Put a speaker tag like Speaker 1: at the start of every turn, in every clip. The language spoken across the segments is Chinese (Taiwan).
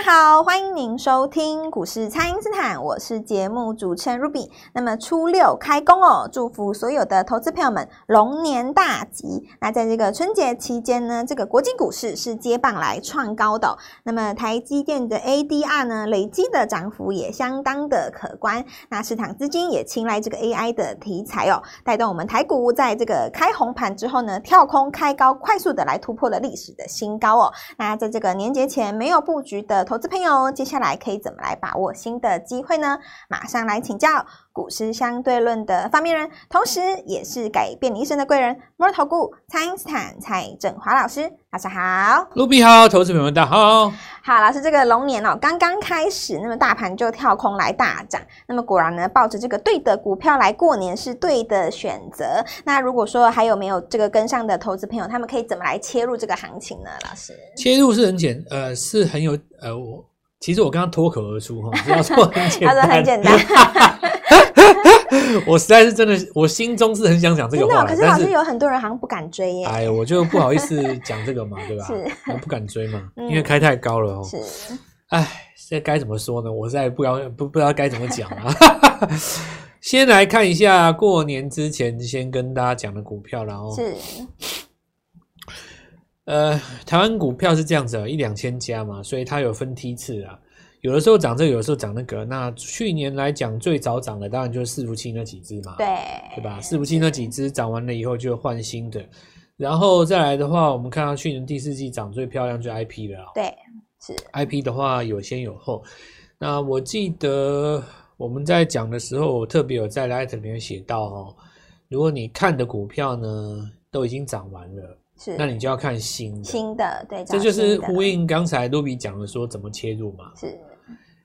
Speaker 1: 大家好，歡迎您收聽股市蔡因斯坦，我是節目主持人 Ruby。那麼初六開工哦，祝福所有的投資朋友們龍年大吉。那在這個春節期間呢，這個國際股市是接棒來創高的哦。那麼台積電的 ADR 呢，累積的漲幅也相當的可觀。那市場資金也青睞這個 AI 的題材哦，帶動我們台股在這個開紅盤之後呢，跳空開高，快速的來突破了歷史的新高哦。那在這個年節前沒有布局的。投資朋友，接下來可以怎麼來把握新的機會呢？馬上來請教。股市相對論的發明人，同時也是改變你一生的貴人——摩爾投顧、蔡因斯坦、蔡正華老師。大家好，
Speaker 2: 盧比好，投資朋友大家好。
Speaker 1: 好，老師，這個龍年哦、喔，剛剛開始，那麼大盤就跳空來大漲，那麼果然呢，抱着這個對的股票來過年是對的選擇。那如果說還有沒有這個跟上的投資朋友，他們可以怎麼來切入這個行情呢？老師，
Speaker 2: 切入是很簡，呃，是很有，呃，我其實我剛剛脫口而出哈，要說很簡單。 他說很簡單。 我實在是真的，我心中是很想講這個話的、哦，可是好像
Speaker 1: 有很多人好像不敢
Speaker 2: 追耶。哎，我就不好意思講這個嘛， 對吧？是不敢追嘛，嗯、因為開太高了哦、喔。是。哎，這該怎麼說呢？我現在不不不知道該怎麼講啊。 先來看一下過年之前先跟大家講的股票然後、喔、
Speaker 1: 是。
Speaker 2: 呃，台灣股票是這樣子，一兩千家嘛，所以它有分梯次啊。有的時候漲這個，有的時候漲那個。那去年來講，最早漲的當然就是伺服器那幾隻嘛，對對吧？伺服器那幾隻漲完了以後就換新的，是然後再來的話，我們看到去年第四季漲最漂亮就 IP 了。對。是 IP 的話有先有後。那我記得我們在講的時候，我特別有在 letter 裡面寫到哦，如果你看的股票呢都已經漲完了，是那你就要看新的，新
Speaker 1: 的對的，這就是呼應
Speaker 2: 剛才盧比講的說怎麼切入嘛。是，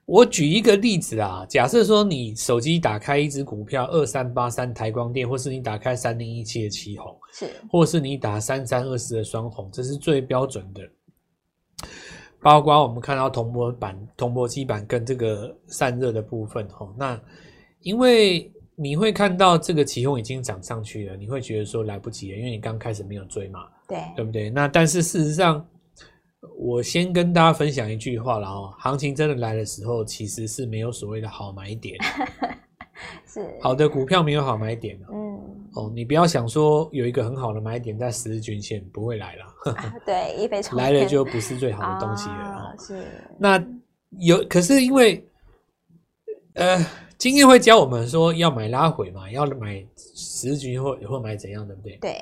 Speaker 2: 我舉一個例子啊，假設說你手機打開一只股票二三八三台光電，或是你打開三零一七的奇鋐，是，或是你打三三二四的雙鴻，這是最標準的。包括我們看到銅箔板、銅箔基板跟這個散熱的部分吼，那因為你會看到這個奇鋐已經漲上去了，你會覺得說來不及了，因為你剛開始沒有追嘛。對，對不對？那但是事實上，我先跟大家分享一句話了哦，行情真的來的時候，其實是沒有所謂的好買點。 是好的股票沒有好買點、哦、嗯。哦，你不要想說有一個很好的買點在十日均線，不會來了。 啊、
Speaker 1: 對，一來了就不
Speaker 2: 是最好的東西
Speaker 1: 了、哦哦。是。
Speaker 2: 那有，可是因為，呃，經驗會教我們說要買拉回嘛，要買十日均或或買怎樣，對不對？對。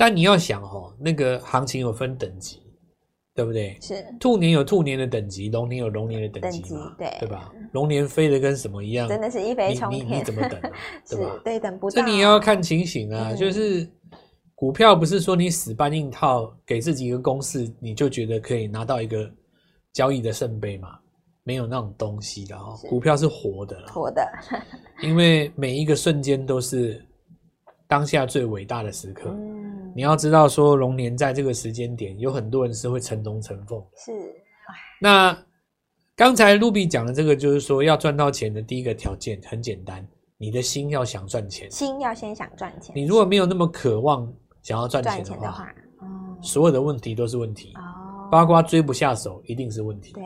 Speaker 2: 但你要想哦，那個行情有分等級，對不對？是。兔年有兔年的等級，龍年有龍年的等級嘛？級，對，對吧？龍年飛得跟什麼一樣？真的是一飛沖天。你，你，你怎麼等、
Speaker 1: 啊？ 是，對，吧對，等不到。那你要
Speaker 2: 看情形啊，嗯、就是股票不是說你死搬硬套，給自己一個公式，你就覺得可以拿到一個交易的聖杯嘛？沒有那種東西的哈、哦。是股票是活的。活的。 因為每一個瞬間都是當下最偉大的時刻。嗯你要知道，說龍年在這個時間點，有很多人是會成龍成鳳。是。那剛才露比講的這個，就是說要賺到錢的第一個條件很簡單，你的心要想賺錢，
Speaker 1: 心要先想賺錢。你
Speaker 2: 如果沒有那麼渴望想要賺錢的話，錢的話嗯、所有的問題都是問題。哦，八卦追不下手，一定是問題。對。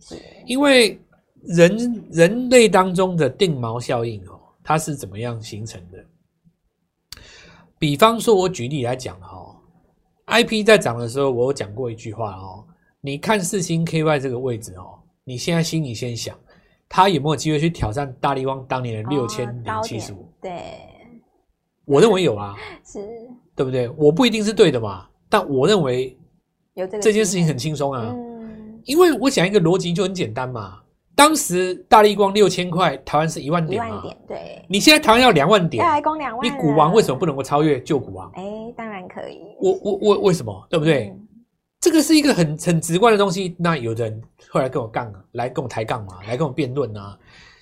Speaker 2: 是。因為人人類當中的定錨效應哦，它是怎麼樣形成的？比方說，我舉例來講哈、哦、，I P 在漲的時候，我有講過一句話哦。你看世芯 K Y 這個位置哦，你現在心裡先想，他有沒有機會去挑戰大立光當年六千零七十五？75? 對，我認為有啊，
Speaker 1: 是，
Speaker 2: 對不對？我不一定是對的嘛，但我認為這件事情很輕鬆啊，嗯、因為我講一個邏輯就很簡單嘛。當時大立光六千塊，台灣是一萬點一萬
Speaker 1: 點，
Speaker 2: 對。你現在台灣要兩萬點。兩
Speaker 1: 萬。你股王
Speaker 2: 為什麼不能夠超越舊股王？哎、
Speaker 1: 欸，當然可以。
Speaker 2: 我我，我為什麼？對不對？嗯、這個是一個很很直觀的東西。那有人後來跟我槓啊，來跟我抬槓嘛，來跟我辯論吶，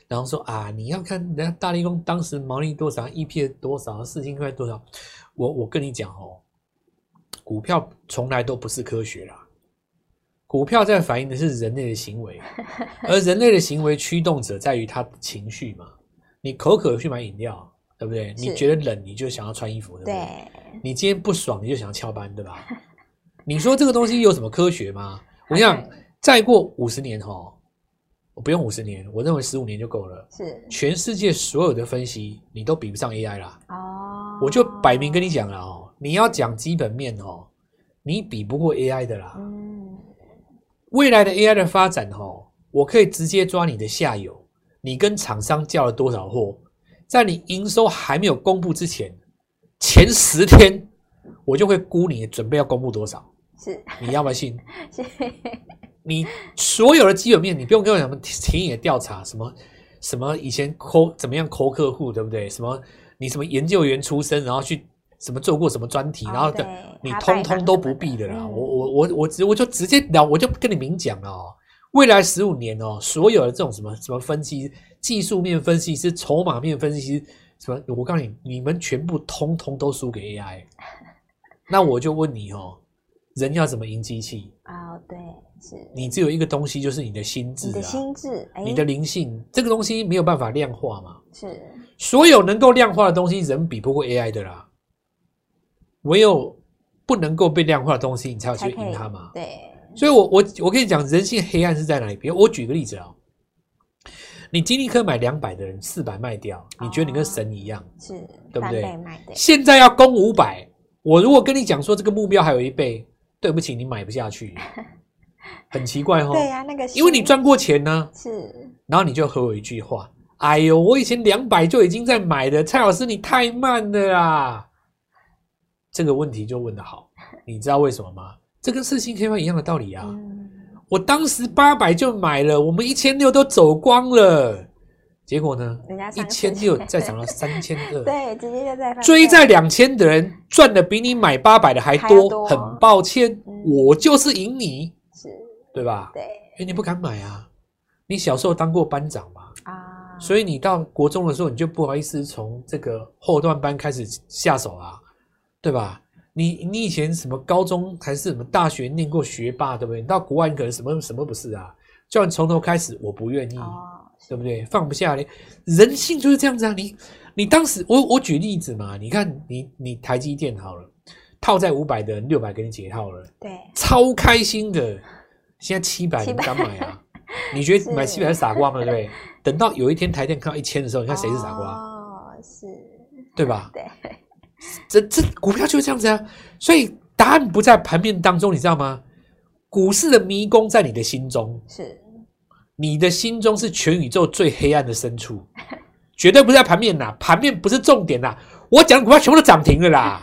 Speaker 2: 然後說啊，你要看人家大立光當時毛利多少，EPS 多少，四千塊多少？我我跟你講哦、喔，股票從來都不是科學啦。股票在反映的是人類的行為，
Speaker 1: 而人類
Speaker 2: 的行為驅動者在於他情緒嘛。你口渴去買飲料，對不對？你覺得冷，你就想要穿衣服，對
Speaker 1: 不對？
Speaker 2: 你今天不爽，你就想要翹班，對吧？你說這個東西有什麼科學嗎？我想再過五十年哦，我不用五十年，我認為十五年就夠了。全世界所有的分析你都比不上 AI 啦。哦，我就擺明跟你講了哦，你要講基本面哦，你比不過 AI 的啦。未來的 AI 的發展，哦，我可以直接抓你的下游。你跟廠商叫了多少貨？在你營收還沒有公布之前，前十天我就會估你準備要公布多少。是，你要不要信？
Speaker 1: 信。
Speaker 2: 是你所有的基本面，你不用跟我講什麼田野調查，什麼什麼以前摳怎麼樣摳客戶，對不對？什麼你什麼研究員出身，然後去。什麼做過什麼專題，oh, 對然後等你通通都不必的啦。的我我我我直我就直接聊，我就跟你明講哦。未來十五年哦，所有的這種什麼什麼分析，技術面分析師，是籌碼面分析師，什麼我告訴你，你們全部通通都輸給 AI。 那我就問你哦，人要怎麼贏機器啊？Oh,
Speaker 1: 對，是。
Speaker 2: 你只有一個東西，就是你的心智啊，你的心
Speaker 1: 智，哎，你的
Speaker 2: 靈性，這個東西沒有辦法量化嘛？是。所有能夠量化的東西，人比不過 AI 的啦。唯有不能夠被量化的東西，你才有去贏它嘛。
Speaker 1: 對，
Speaker 2: 所以我，我我我跟你講，人性黑暗是在哪裡？比如我舉個例子啊、哦，你金麗科買兩百的人，四百賣掉，你覺得你跟神一樣，是、哦，對不對？對現在要攻五百，我如果跟你講說這個目標還有一倍，對不起，你買不下去，很奇怪哦。對呀、啊，那個是，因為你賺過錢呢、啊，
Speaker 1: 是，
Speaker 2: 然後你就和我一句話：“哎喲我以前兩百就已經在買的，蔡老師，你太慢了啊。”這個問題就問得好，你知道為什麼嗎？ 這跟世芯 KY 一樣的道理啊。嗯、我當時八百就買了，我們一千六都走光了，結果呢，人家一千六再漲到三千二， 對，直接
Speaker 1: 就在。追在兩
Speaker 2: 千的人賺的比你買八百的還多。還多，很抱歉，嗯、我就是贏你，是，對吧？對，因為你不敢買啊。你小時候當過班長嘛？啊，所以你到國中的時候你就不好意思從這個後段班開始下手啊。對吧？你你以前什麼高中還是什麼大學念過學霸，對不對？你到國外，你可能什麼什麼不是啊？就算從頭開始，我不願意，哦、對不對？放不下你，人性就是這樣子啊。你你當時，我我舉例子嘛，你看你你台積電好了，套在五百的六百給你解套了，對，超開心的。現在七百你敢買啊？七百 你覺得你買七百是傻瓜嗎？對不對？是等到有一天台電看到一千的時候，你看誰是傻瓜？哦，是，對吧？對。這這股票就是這樣子啊，所以答案不在盤面當中，你知道嗎？股市的迷宮在你的心中，是，你的心中是全宇宙最黑暗的深處， 絕對不在盤面吶，盤面不是重點啦，我講的股票全部都漲停了啦，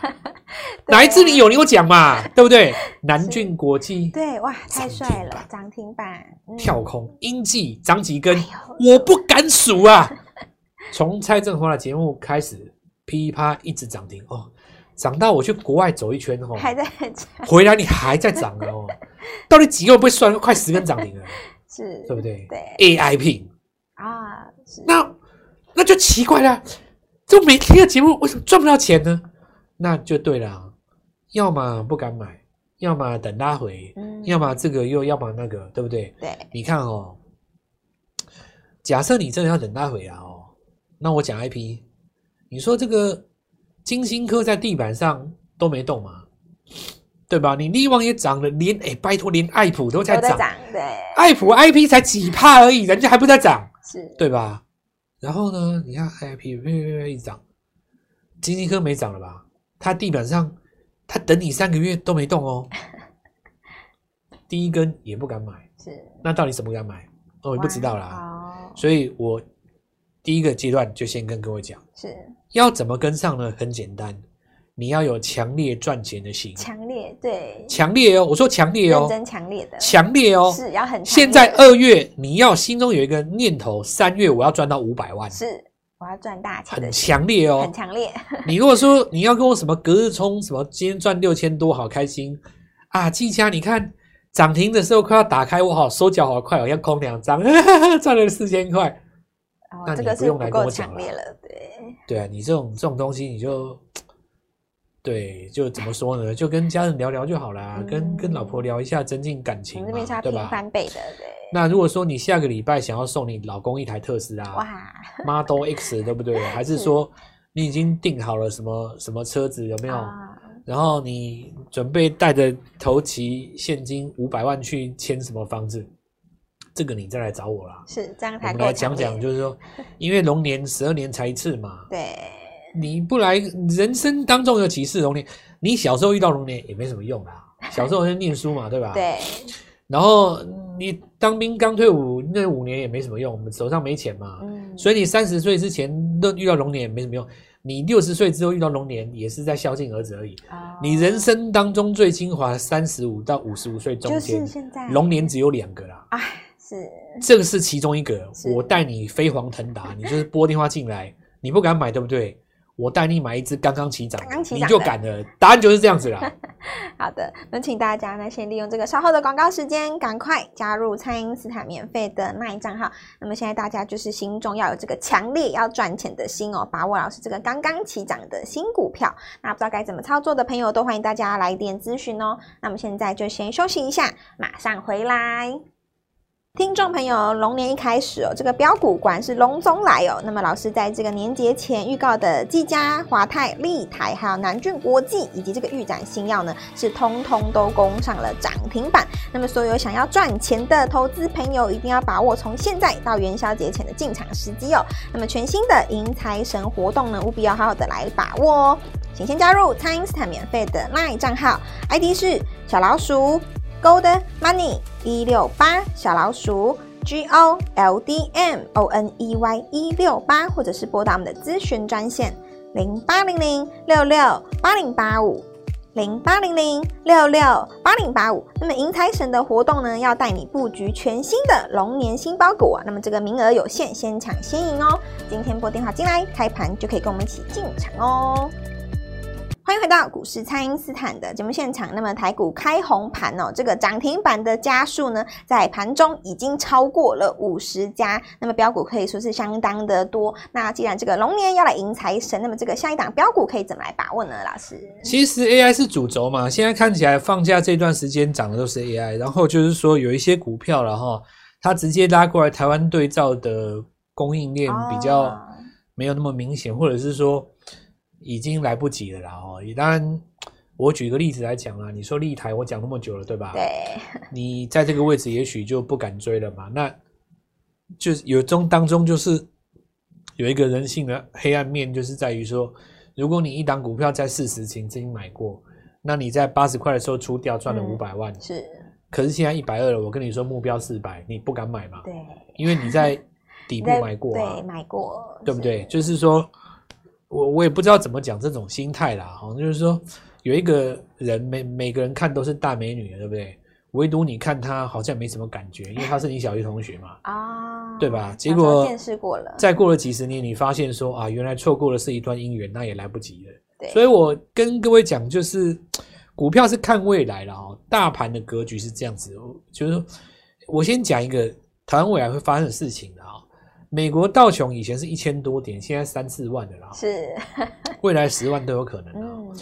Speaker 2: 啊、哪一支你有你給我講嘛？對不對？ 南俊國際，
Speaker 1: 對哇，太帥了，漲停板，停板嗯、跳空，英
Speaker 2: 記漲幾根，哎、呦我不敢數啊。 從蔡正華的節目開始。噼啪一直漲停哦，漲到我去國外走一圈哦，還在
Speaker 1: 漲，回來你
Speaker 2: 還在漲 哦，到底幾個不會算，快十根漲停了，
Speaker 1: 是，
Speaker 2: 對不對？對，AIP 啊，那那就奇怪了，這每天的節目為什麼賺不到錢呢？那就對了，要麼不敢買，要麼等拉回，嗯、要麼這個又要麼那個，對不對？對，你看哦，假設你真的要等拉回啊哦，那我講 IP。你說這個晶心科在地板上都沒動嘛，對吧？你力旺也漲了，連、欸、拜託連愛普都在漲，愛普 I P 才幾趴而已，人家是還不在漲，是對吧？然後呢，你看 I P 微微微一漲，晶心科沒漲了吧？它，地板上它等你三個月都沒動哦， 第一根也不敢買，是？那到底什麼敢買？哦，我也不知道啦。所以，我第一個階段就先跟各位講是。要怎麼跟上呢？很簡單，你要有強烈賺錢的心。強
Speaker 1: 烈，對，
Speaker 2: 強烈哦！我說強烈哦，真、
Speaker 1: 強烈的，強烈哦，是要很強烈。現在二月，
Speaker 2: 你要心中有一個念頭，三月我要賺到五百萬。是，
Speaker 1: 我要賺大錢。很強烈哦，很強烈。
Speaker 2: 你如果說你要跟我什麼隔日沖，什麼今天賺六千多，好開心啊！技嘉，你看漲停的時候快要打開，我好手腳好快我要空兩張， 賺了四千塊。哦、那這個不用來跟我講了，對。對啊，你這種這種東西，你就，對，就怎麼說呢？就跟家人聊聊就好了，嗯、跟跟老婆聊一下，增進感情嘛，對吧？
Speaker 1: 翻倍的對。
Speaker 2: 那如果說你下個禮拜想要送你老公一台特斯拉，哇 ，Model X，對不對？還是說你已經訂好了什麼什麼車子？有沒有？嗯、然後你準備帶着頭期現金五百萬去簽什麼房子？這個你再來找我啦，
Speaker 1: 是這樣才。我們來講講，
Speaker 2: 就是說，因為龍年十二年才一次嘛。對。你不來，人生當中有幾次龍年？你小時候遇到龍年也沒什麼用啦。小時候在念書嘛，對吧？對。然後你當兵剛退伍那五年也沒什麼用，我們手上沒錢嘛。嗯。所以你三十歲之前都遇到龍年也沒什麼用。你六十歲之後遇到龍年也是在孝敬兒子而已。哦。你人生當中最精華三十五到五十五歲中間，哎。現在龍年只有兩個啦。
Speaker 1: 哎。是這
Speaker 2: 個是其中一個，是我帶你飛黃騰達，是你就是撥電話進來。 你不敢買對不對？我帶你買一支剛剛起漲，剛剛起漲的你就敢了。答案就是這樣子啦。
Speaker 1: 好的，那請大家呢先利用這個稍後的廣告時間，趕快加入蔡因斯坦免費的 LINE@ 帳號。那麼現在大家就是心中要有這個強烈要賺錢的心哦，把握老師這個剛剛起漲的新股票。那不知道該怎麼操作的朋友，都歡迎大家來電諮詢哦。那麼現在就先休息一下，馬上回來。聽眾朋友，龍年一開始哦，這個標股果然是龍綜來哦，那麼老師在這個年節前預告的技嘉、華泰、立台，還有南俊國際以及這個昱展新藥呢，是通通都攻上了漲停板。那麼所有想要賺錢的投資朋友，一定要把握從現在到元宵節前的進場時機哦。那麼全新的迎財神活動呢，務必要好好的來把握哦。請先，先加入蔡因斯坦免費的 LINE 賬號，ID 是小老鼠。Gold Money 一六八小老鼠 G O L D M O N E Y 一六八，或者是撥打我們的諮詢專線零八零零六六八零八五零八零零六六八零八五。那麼迎財神的活動呢，要帶你布局全新的龍年新包裹啊，那麼這個名額有限，先搶先贏哦。今天撥電話進來，開盤就可以跟我們一起進場哦。歡迎回到股市，蔡因斯坦的節目現場。那麼台股開紅盤哦，這個漲停板的家數呢，在盤中已經超過了五十家。那麼飆股可以說是相當的多。那既然這個龍年要來迎財神，那麼這個下一檔飆股可以怎麼來把握呢？老師，
Speaker 2: 其實 AI 是主軸嘛。現在看起來放假這段時間漲的都是 AI，然後就是說有一些股票了哈，它直接拉過來台灣對照的供應鏈比較沒有那麼明顯，哦、或者是說。已經來不及了啦哦，當然，我舉個例子來講啦。你說立台，我講那麼久了，對吧？對。你在這個位置也許就不敢追了嘛？那就是有中當中就是有一個人性的黑暗面，就是在於說，如果你一檔股票在四十前曾經買過，那你在八十塊的時候出掉賺了五百萬，嗯，是。可是現在一百二了，我跟你說目標四百，你不敢買嘛？對。因為你在底部買過，對
Speaker 1: 買過，對不對？
Speaker 2: 就是說。我我也不知道怎麼講這種心態啦，哈，就是說有一個人，每每個人看都是大美女的，對不對？唯獨你看她好像沒什麼感覺，因為他是你小學同學嘛，
Speaker 1: 啊，
Speaker 2: 唉，對吧？啊，結果，見識過了，再過了幾十年，嗯，你發現說啊，原來錯過的是一段姻緣，那也來不及了。對，所以我跟各位講，就是股票是看未來的哦，大盤的格局是這樣子，就是我先講一個台灣未來會發生的事情。美國道瓊以前是一千多點，現在三四萬的
Speaker 1: 啦，是
Speaker 2: 未來十萬都有可能啊。嗯、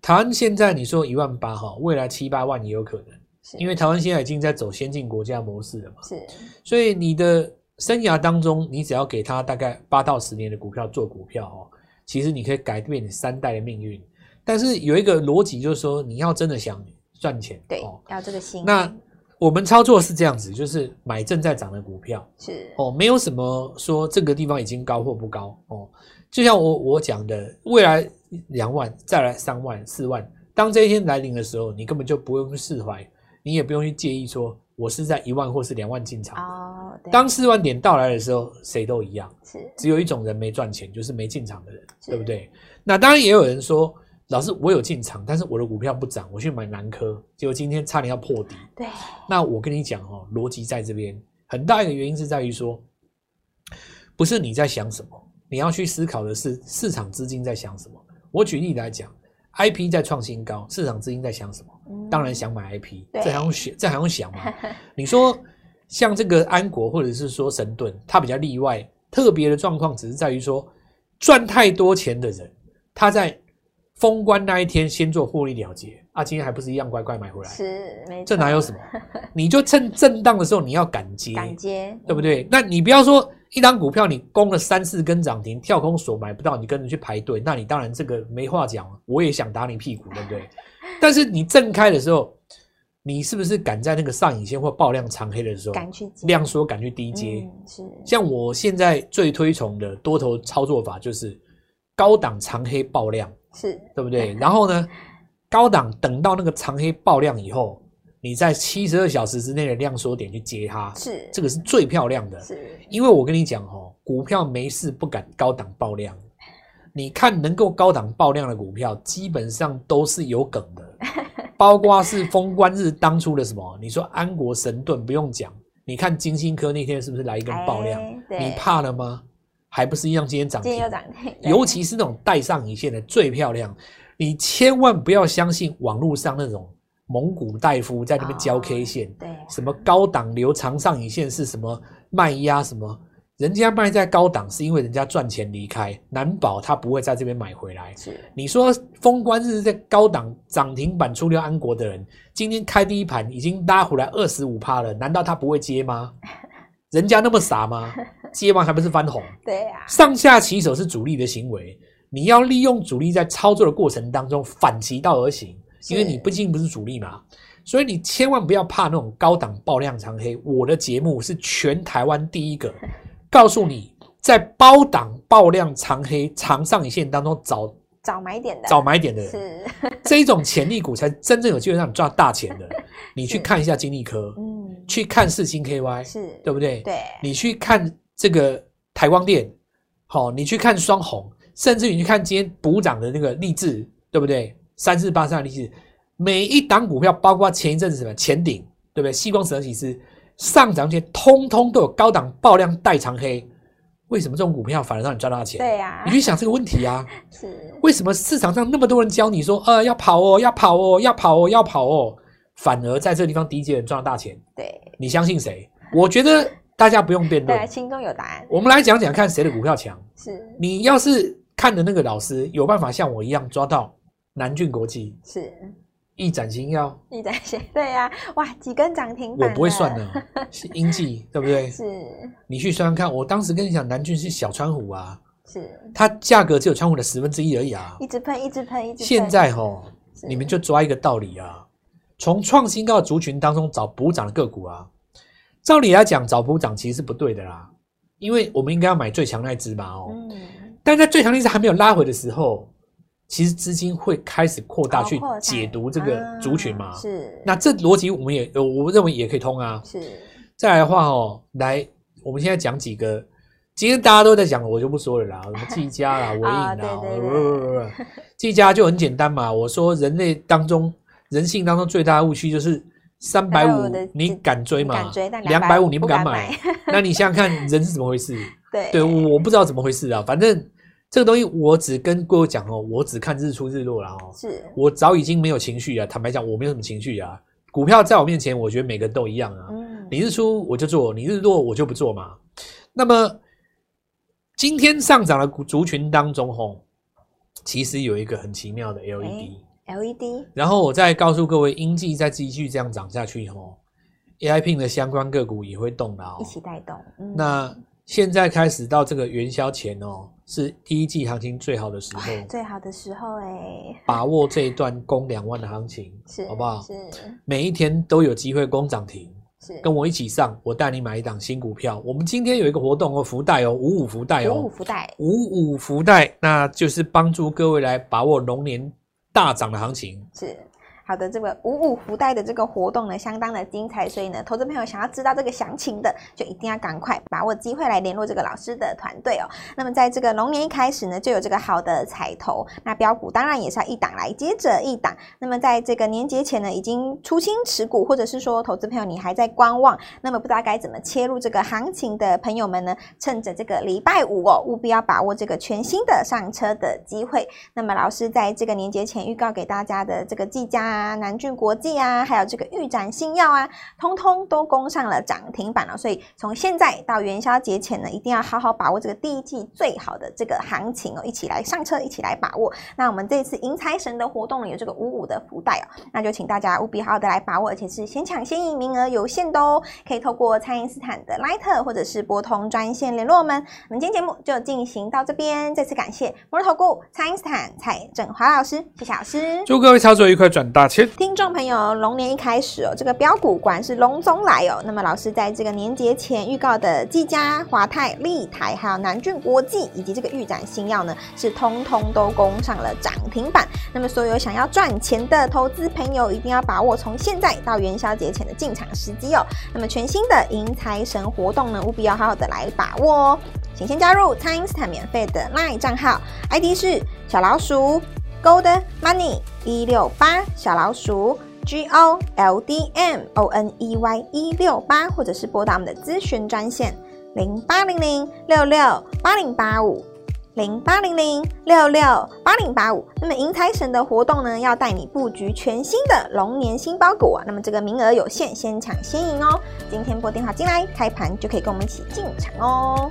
Speaker 2: 台灣現在你說一萬八哈，未來七八萬也有可能，是因為台灣現在已經在走先進國家模式了嘛。是，所以你的生涯當中，你只要給他大概八到十年的股票做股票哦，其實你可以改變你三代的命運。但是有一個邏輯就是說，你要真的想賺錢，
Speaker 1: 對哦，要這個心。那
Speaker 2: 我們操作是這樣子，就是買正在漲的股票，是哦，沒有什麼說這個地方已經高或不高哦。就像我我講的，未來兩萬再來三萬四萬，當這一天來臨的時候，你根本就不用去釋懷，你也不用去介意說我是在一萬或是兩萬進場。哦、oh, 對，當四萬點到來的時候，誰都一樣，是只有一種人沒賺錢，就是沒進場的人，是對不對？那當然也有人說。老師，我有進場，但是我的股票不漲，我去買南科，結果今天差點要破底。對那我跟你講哦、喔，邏輯在這邊很大一個原因是在於說，不是你在想什麼，你要去思考的是市場資金在想什麼。我舉例來講，I P 在創新高，市場資金在想什麼？嗯、當然想買 I P。對這還用想？這還用想嗎？ 你說像這個安國或者是說神盾，它比較例外，特別的狀況只是在於說賺太多錢的人，他在。封關那一天先做獲利了結啊，今天還不是一樣乖乖買回來？是，沒
Speaker 1: 錯。這哪有什麼？
Speaker 2: 你就趁震盪的時候你要敢接，敢
Speaker 1: 接，對不
Speaker 2: 對？那你不要說一檔股票你攻了三四根漲停跳空鎖買不到，你跟着去排隊，那你當然這個沒話講，我也想打你屁股，對不對？但是你震開的時候，你是不是敢在那個上影線或爆量長黑的時候敢去量縮敢去低接？是。像我現在最推崇的多頭操作法就是高檔長黑爆量。是對不對？對，然後呢，高檔等到那個長黑爆量以後，你在七十二小時之內的量縮點去接它，是這個是最漂亮的。是因為我跟你講哈、哦，股票沒事不敢高檔爆量，你看能夠高檔爆量的股票，基本上都是有梗的，包括是封關日當初的什麼， 你說安國神盾不用講，你看金星科那天是不是來一根爆量？哎、對，你怕了嗎？還不是一樣今天漲停，今天
Speaker 1: 又漲停，尤其
Speaker 2: 是那種帶上影線的最漂亮，你千萬不要相信網絡上那種蒙古大夫在那邊教 K 線，對，什麼高檔留長上影線是什麼賣壓什麼，人家賣在高檔是因為人家賺錢離開，難保他不會在這邊買回來。是，你說封關日在高檔漲停板出溜安國的人，今天開第一盤已經拉回來二十五趴了，難道他不會接嗎？人家那麼傻嗎？接完還不是翻紅？對呀、啊，上下其手是主力的行為，你要利用主力在操作的過程當中反其道而行，是因為你畢竟不是主力嘛，所以你千萬不要怕那種高檔爆量長黑。我的節目是全台灣第一個 告訴你，在包擋爆量長黑長上影線當中找
Speaker 1: 找買點的，找買點的是
Speaker 2: 這種潛力股才真正有機會讓你賺大錢的。你去看一下金麗科， 嗯，去看世芯 KY，是對不對？對，你去看。這個台光電，好、哦，你去看雙紅，甚至你去看今天補漲的那個力智，對不對？三四八三的力智，每一檔股票，包括前一陣子什麼前頂，對不對？西光實業也是上漲前通通都有高檔爆量帶長黑。為什麼這種股票反而讓你賺到錢？對呀、啊，你去想這個問題啊。是為什麼市場上那麼多人教你說，呃，要跑哦，要跑哦，要跑哦，要跑哦，反而在這地方低一階人賺到大錢？對，你相信誰？我覺得。大家不用辯論，對，
Speaker 1: 心中有答案。
Speaker 2: 我們來講講看誰的股票強。是你要是看的那個老師有辦法像我一樣抓到南俊國際，
Speaker 1: 是，
Speaker 2: 一展新要
Speaker 1: 一展新對呀、啊，哇，幾根漲停板我不會算的，是
Speaker 2: 陰計， 對不對？是，你去算算看。我當時跟你講，南俊是小川湖啊，是，它價格只有川湖的十分之一而已啊，一
Speaker 1: 直噴，一直噴，一直。現
Speaker 2: 在哈、哦，是你們就抓一個道理啊，從創新高的族群當中找補漲的個股啊。照理來講，找補漲其實是不對的啦，因為我們應該要買最強那隻嘛哦。嗯、但在最強那隻還沒有拉回的時候，其實資金會開始擴大去解讀這個族群嘛。哦嗯、是。那這邏輯我們也，我認為也可以通啊。是。再來的話哦，來，我們現在講幾個，今天大家都在講，我就不說了啦。什麼技嘉啦、緯穎 啦、啊對對對哦，不不不不不。技嘉就很簡單嘛，我說人類當中、人性當中最大的誤區就是。三百五，350，你敢追嗎？兩百五，你 250, 不敢買。 那你想想看，人是怎麼回事？對，對我不知道怎麼回事啊。反正這個東西，我只跟各位講哦，我只看日出日落了哦。是，我早已經沒有情緒了、啊。坦白講，我沒有什麼情緒啊。股票在我面前，我覺得每個都一樣啊。嗯、你日出我就做，你日落我就不做嘛。那麼今天上漲的族群當中，其實有一個很奇妙的 LED。欸 LED，然後我再告訴各位，陰季再繼續這樣漲下去哦，AI PIN 的相關個股也會動的哦，一
Speaker 1: 起帶動。嗯、那
Speaker 2: 現在開始到這個元宵前哦，是第一季行情最好的時候，啊、
Speaker 1: 最好的時候哎、欸，
Speaker 2: 把握這一段攻兩萬的行情， 是好不好？
Speaker 1: 是，
Speaker 2: 每一天都有機會攻漲停，
Speaker 1: 是，跟我
Speaker 2: 一起上，我帶你買一檔新股票。是我們今天有一個活動哦，福袋哦，五五福袋哦，五五福袋，五五福袋，那就是幫助各位來把握龍年。大漲的行情是。
Speaker 1: 好的，這個五五福袋的這個活動呢，相當的精彩，所以呢，投資朋友想要知道這個詳情的，就一定要趕快把握機會來聯絡這個老師的團隊哦。那麼在這個龍年一開始呢，就有這個好的彩頭，那飆股當然也是要一檔來接着一檔。那麼在這個年節前呢，已經出清持股，或者是說投資朋友你還在觀望，那麼不知道該怎麼切入這個行情的朋友們呢，趁着這個禮拜五哦，務必要把握這個全新的上車的機會。那麼老師在這個年節前預告給大家的這個技嘉、啊。啊，南俊國際啊，還有這個豫展新藥啊，通通都攻上了漲停板了。所以從現在到元宵節前呢，一定要好好把握這個第一季最好的這個行情哦，一起來上車，一起來把握。那我們這次迎財神的活動有這個五五的福袋哦，那就請大家務必好好的來把握，而且是先搶先贏，名額有限的哦。可以透過蔡因斯坦的 LINE，或者是撥通專線聯絡我們。我們今天節目就進行到這邊，再次感謝摩爾投顧蔡因斯坦蔡正華老師，謝謝老師，
Speaker 2: 祝各位操作愉快，轉單。
Speaker 1: 聽眾朋友，龍年一開始哦，這個標股果然是龍中來哦。那麼老師在這個年節前預告的技嘉、華泰、立台，還有南俊國際以及這個預展新藥呢，是通通都攻上了漲停板。那麼所有想要賺錢的投資朋友，一定要把握從現在到元宵節前的進場時機哦。那麼全新的迎財神活動呢，務必要好好的來把握哦。請先，先加入 Time Star 免費的 LINE 賬號，ID 是小老鼠。Gold money 一六八小老鼠 G O L D M O N E Y 一六八，或者是撥打我們的諮詢專線零八零零六六八零八五零八零零六六八零八五。那麼迎財神的活動呢，要帶你布局全新的龍年新包裹。那麼這個名額有限，先搶先贏哦。今天撥電話進來，開盤就可以跟我們一起進場哦。